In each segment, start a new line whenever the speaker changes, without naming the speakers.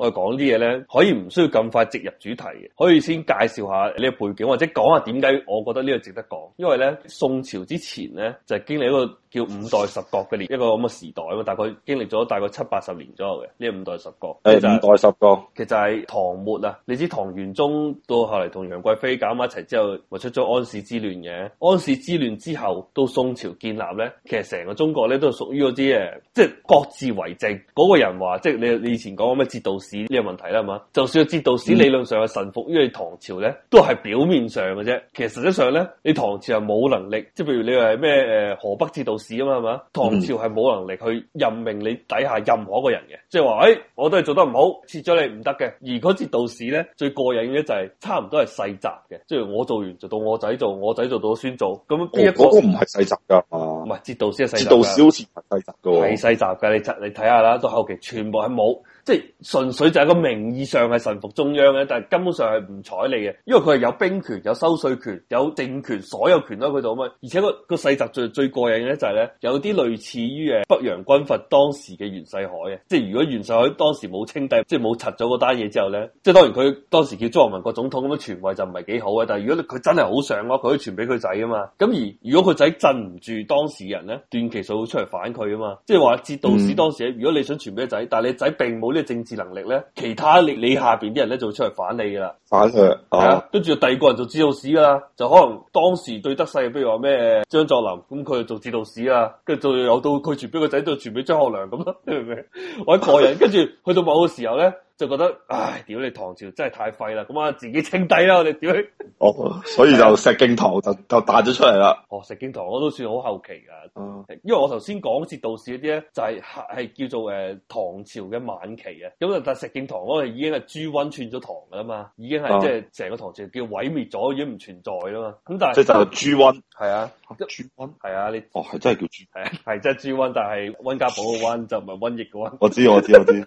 我講啲嘢咧，可以唔需要咁快直入主題，可以先介紹下呢個背景，或者講下點解我覺得呢個值得講，因為呢宋朝之前呢，就係經歷一個叫五代十國嘅年，一個咁嘅時代啊嘛，大概經歷咗大概七八十年左右嘅呢五代十國。誒，五代十國，其實係唐末啊。你知唐玄宗到後嚟同楊貴妃搞埋一齊之後，咪出咗安史之亂嘅。安史之亂之後，到宋朝建立咧，其實成個中國咧都係屬於嗰啲誒，即係各自為政。嗰個人話，即係你你以前講咩節度使呢個問題啦，係嘛？就算節度使理論上係臣服於你唐朝咧，都係表面上嘅啫。其實實質上咧，你唐朝係冇能力，即係譬如你話係咩誒河北節度。市啊嘛，係嘛？唐朝係冇能力去任命你底下任何一個人嘅，即係話，誒，我都係做得唔好，撤咗你唔得嘅。而嗰啲節度使咧，最過癮嘅就係差唔多係世襲嘅，即係我做完就到我仔做，我仔做到孫做，咁樣邊一個唔係世襲噶？唔係，節度使係世襲，節度使係世襲嘅，係世襲嘅。你你睇下啦，到後期全部係冇，即係純粹就係個名義上係臣服中央嘅，但係根本上係唔睬你嘅，因為佢係有兵權、有收稅權、有政權，所有權都喺佢度啊嘛。而且個個世襲最最過癮嘅就係有啲類似於誒北洋軍閥當時嘅袁世凱嘅，即係如果袁世凱當時冇稱帝，即係冇拆咗嗰單嘢之後咧，即係當然佢當時叫中華民國總統咁樣傳位就唔係幾好嘅。但係如果佢真係好想嘅話，佢可以傳俾佢仔噶嘛。咁而如果佢仔鎮唔住當時人咧，段祺瑞會出嚟反佢噶嘛。即係話節度使當時，如果你想傳俾仔，但係你仔並冇呢個政治能力咧，其他你你下邊啲人咧就會出嚟反你噶啦，反佢，啊。哦、啊，跟住第二個人就節度使啦，就可能當時最得勢，譬如話咩張作霖，咁佢就做節度使。啊，跟住再由到佢傳俾個仔，再傳俾張學良咁咯，你明唔明？我一個人跟住去到某個時候咧。就覺得唉，屌你唐朝真係太廢啦！咁啊，自己稱帝啦，我哋屌你。哦，所以就石敬瑭就就彈咗出嚟啦。哦，石敬瑭我都算好後期噶，嗯、因為我頭先講節度使嗰啲咧，就係係叫做誒、呃、唐朝嘅晚期啊。咁啊，但石敬瑭嗰個已經係朱溫篡咗唐噶嘛，已經係即係成個唐朝叫毀滅咗，已經唔存在啦嘛。咁但係即係就朱溫係啊，係啊，你主哦係真係叫朱啊，係即係朱溫，但係溫家寶個溫就唔係瘟疫個溫。 我知我知我知。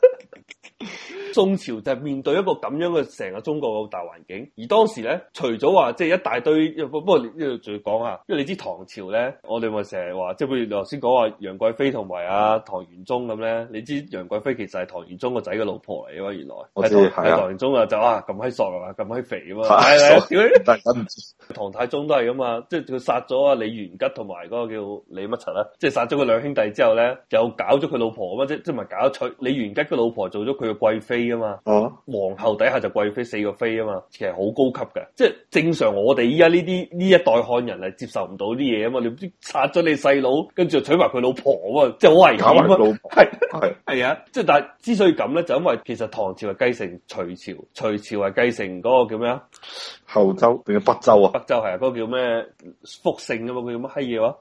宋朝就係面對一個咁樣嘅成個中國嘅大環境，而當時咧，除咗話即係一大堆，不過呢度仲要講下，因為你知唐朝咧，我哋咪成日話，即係譬如頭先講話楊貴妃同埋阿唐玄宗咁咧，你知楊貴妃其實係唐玄宗個仔嘅老婆嚟嘅嘛？原來，我知道係唐玄宗啊就啊，咁閪傻啊，嘛，咁閪肥啊，嘛。 係點 唐太宗都係咁啊，即係佢殺咗阿李元吉同埋嗰個叫李乜柒啊，即係殺咗佢兩兄弟之後咧，又搞咗佢老婆，啊嘛，即係咪搞咗娶李元吉嘅老婆做咗佢嘅貴妃？啊嘛，皇后底下就貴妃四個妃啊嘛，其實好高級嘅，即係正常我哋依家呢啲呢一代漢人係接受唔到啲嘢啊嘛，你唔知殺咗你細佬，跟住就娶埋佢老，老婆，即係好危險啊！老婆，係係係啊，即係是但係之所以咁咧，就是、因為其實唐朝係繼承隋朝，隋朝係繼承嗰個叫咩啊？後周定個北周啊？北周係啊，嗰、那個叫咩？複姓啊嘛，佢叫乜閪嘢話？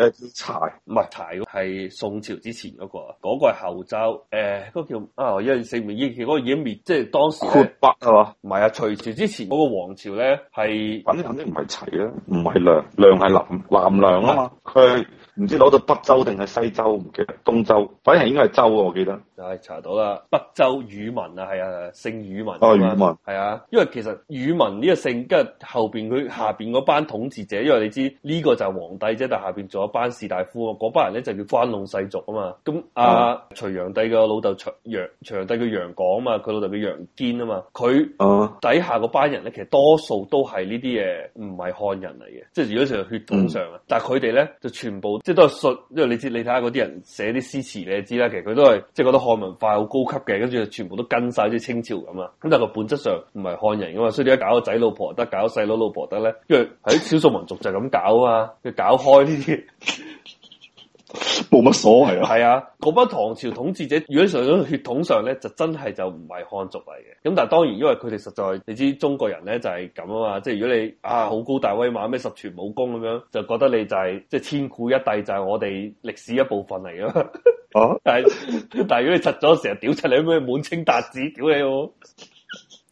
呃、柴唔係是柴係宋朝之前嗰、那個嗰、那個係後周誒，嗰、呃那個、叫啊，一零四五年嗰個已經滅，即係當時。括北係嘛？唔係啊，隋朝之前嗰個王朝咧係，反正肯定唔係齊啊，唔係梁，梁係南南梁啊嘛，佢、嗯。他唔知攞到北周定係西周，唔記得東周，反正係應該係周喎，我記得。係查到啦，北周宇文啊，係啊，姓宇文，文。哦，宇文。係啊，因為其實宇文呢個姓，跟住後邊佢下邊嗰班統治者，因為你知呢個就係皇帝啫，但下邊仲有一班士大夫喎，嗰班人咧就叫關隴世族啊嘛。咁阿隋煬帝嘅老豆隋楊煬帝叫楊廣啊嘛，佢老豆叫楊堅啊嘛，佢底下嗰班人咧，其實多數都係呢啲嘢，唔係漢人嚟嘅，即係如果成個血統上啊，嗯、但係佢哋咧就全部。即都係信，因為你知你睇下嗰啲人寫啲詩詞，你就知啦。其實佢都係即覺得漢文化好高級嘅，跟住全部都跟晒啲清朝咁啊。咁但係個本質上唔係漢人噶嘛，所以點解搞個仔老婆得，搞個細佬老婆得咧？因為喺少數民族就係咁搞啊，要搞開呢啲。 冇乜所謂 啊，係啊，嗰班唐朝統治者如果上咗血統上咧，就真係就唔係漢族嚟嘅。咁但係當然，因為佢哋實在你知中國人咧就係咁啊嘛，即係如果你啊好高大威猛咩十全武功咁樣，就覺得你就係即係千古一帝，就係我哋歷史一部分嚟咯。哦、 啊， 但係但係如果你實咗成日屌出你咩滿清韃子屌你我。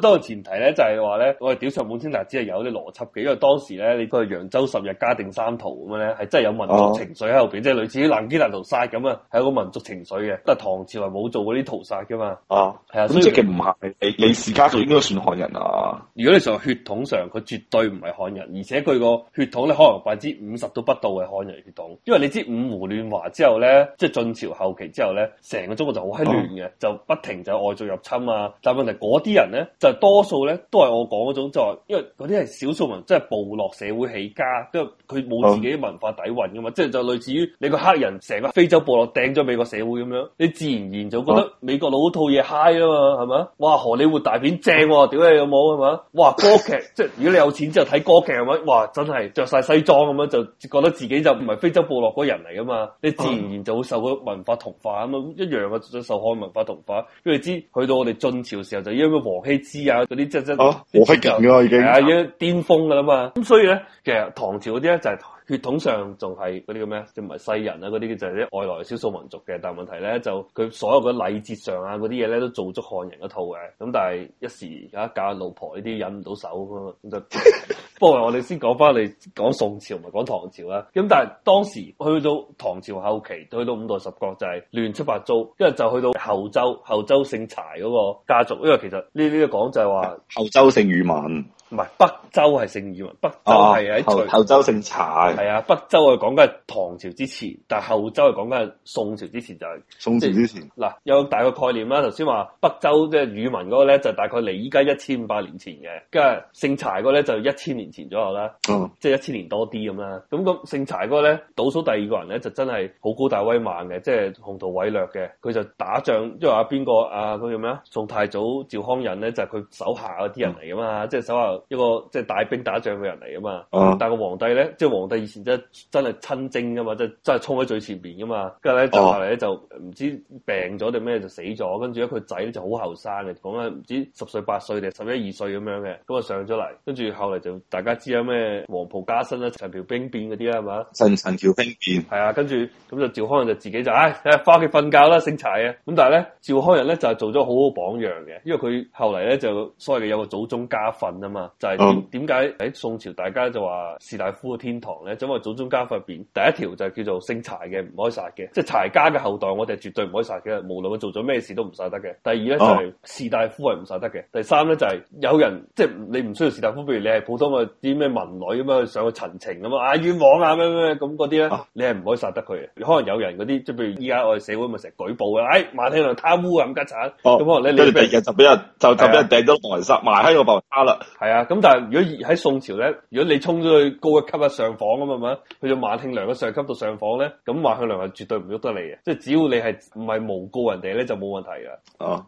多個前提咧，就係話咧，我哋屌上滿清大致係有啲邏輯嘅，因為當時咧，你個揚州十日、嘉定三屠咁樣咧，係真係有民族情緒喺後邊，啊、即係類似於南京大屠殺咁啊，係一個民族情緒嘅。但係唐朝冇做嗰啲屠殺噶嘛？哦，係啊，咁的即係唔係李李氏家族應該算漢人啊？如果你上血統上，佢絕對唔係漢人，而且佢個血統咧可能百分之五十都不到係漢人血統，因為你知五胡亂華之後咧，即係晉朝後期之後咧，成個中國就好閪亂嘅，啊、就不停就外族入侵啊。但係問題嗰啲人咧誒多數咧都係我講嗰種，就係因為嗰啲係少數民，即係部落社會起家，跟住佢冇自己文化底蘊噶嘛，嗯、即係就類似於你個黑人成個非洲部落掟咗美國社會咁樣，你自然然就覺得美國佬套嘢嗨啊嘛，係嘛？哇荷里活大片正喎，啊，屌你有冇啊嘛？哇歌劇即係如果你有錢之後睇歌劇係咪？哇真係着晒西裝咁樣就覺得自己就唔係非洲部落嗰人嚟噶嘛，你自然然就會受個文化同化啊嘛，一樣嘅受開文化同化，因為、嗯、你知去到我哋晉朝時候就因為王羲啲嗰啲哦，好我閪噶啦，已經係啊，已經巔峰噶啦嘛。咁 所以咧，其實唐朝嗰啲咧就係、是。血統上仲係嗰啲咁咩，即唔係西人啦、啊，嗰啲就係啲外來少數民族嘅。但係問題咧，就佢所有嘅禮節上啊，嗰啲嘢咧都做足漢人一套嘅。咁但係一時而家嫁老婆呢啲忍唔到手咁，就 不過我哋先講翻，你講宋朝唔係講唐朝啦。咁但係當時去到唐朝後期，去到五代十國就係、是、亂七八糟，跟住就去到後周，後周姓柴嗰個家族。因為其實呢啲講就係話後周姓宇文。唔係，北周係姓宇文。北周係喺後，後周姓柴，係啊，北周係講緊唐朝之前，但係後周係講緊宋朝之前就係、是、宋朝之前。嗱，有個大個概,概念啦，頭先話北周即係宇文嗰個咧就是、大概嚟依家，一千五百年前嘅，跟住姓柴嗰個咧就一、是、千年前左右啦，即係一千年多啲咁啦。咁、那、咁、個、姓柴嗰個咧倒數第二個人咧就真係好高大威猛嘅，即係雄圖偉略嘅。佢就打仗，即係話邊個啊，佢叫咩啊，宋太祖趙匡胤咧就係、是、佢手下嗰啲人嚟噶嘛，即係、嗯、手下。就是手下一個即係帶兵打仗嘅人嚟啊嘛，啊但個皇帝咧，即係皇帝以前真真係親征噶嘛，即係真係衝喺最前邊噶嘛，跟住咧就後嚟咧就唔知病咗定咩就死咗，跟住咧佢仔就好後生嘅，講緊唔知十歲八歲定十一二歲咁樣嘅，咁啊上咗嚟，跟住後嚟就大家知有咩黃袍加身啦、陳橋兵變嗰啲啦，係嘛？陳陳橋兵變係啊，跟住咁就趙匡胤就自己就唉唉翻屋企瞓覺啦，姓柴啊，咁但係咧趙匡胤咧就係做咗好好榜樣嘅，因為佢後嚟咧就所謂嘅有個祖宗家訓啊嘛。就係點點解喺宋朝大家就話士大夫嘅天堂咧？就因為祖宗家法入邊第一條就係叫做姓柴嘅唔可以殺嘅，即係柴家嘅後代我哋絕對唔可以殺嘅，無論佢做咗咩事都唔殺得嘅。第二咧就係、是、士大夫係唔殺得嘅。第三咧就係、是、有人即係、就是、你唔需要士大夫，譬如你係普通嘅啲咩民女咁樣上去陳情咁啊冤枉啊咩咩咁嗰啲咧，你係唔可以殺得佢嘅。可能有人嗰啲即譬如依家我哋社會咪成日舉報嘅，哎馬天良貪污啊冚家鏟，咁可能你你第日就俾人就就俾人掟咗落埋山埋喺個白雲山啦，係啊。咁但係如果喺宋朝咧，如果你衝咗去高一級啊上訪咁啊嘛，係咪去到馬慶良嘅上級度上訪咧，咁馬慶良係絕對唔喐得你嘅，即係只要你係唔係誣告人哋咧，就冇問題嘅。哦、啊。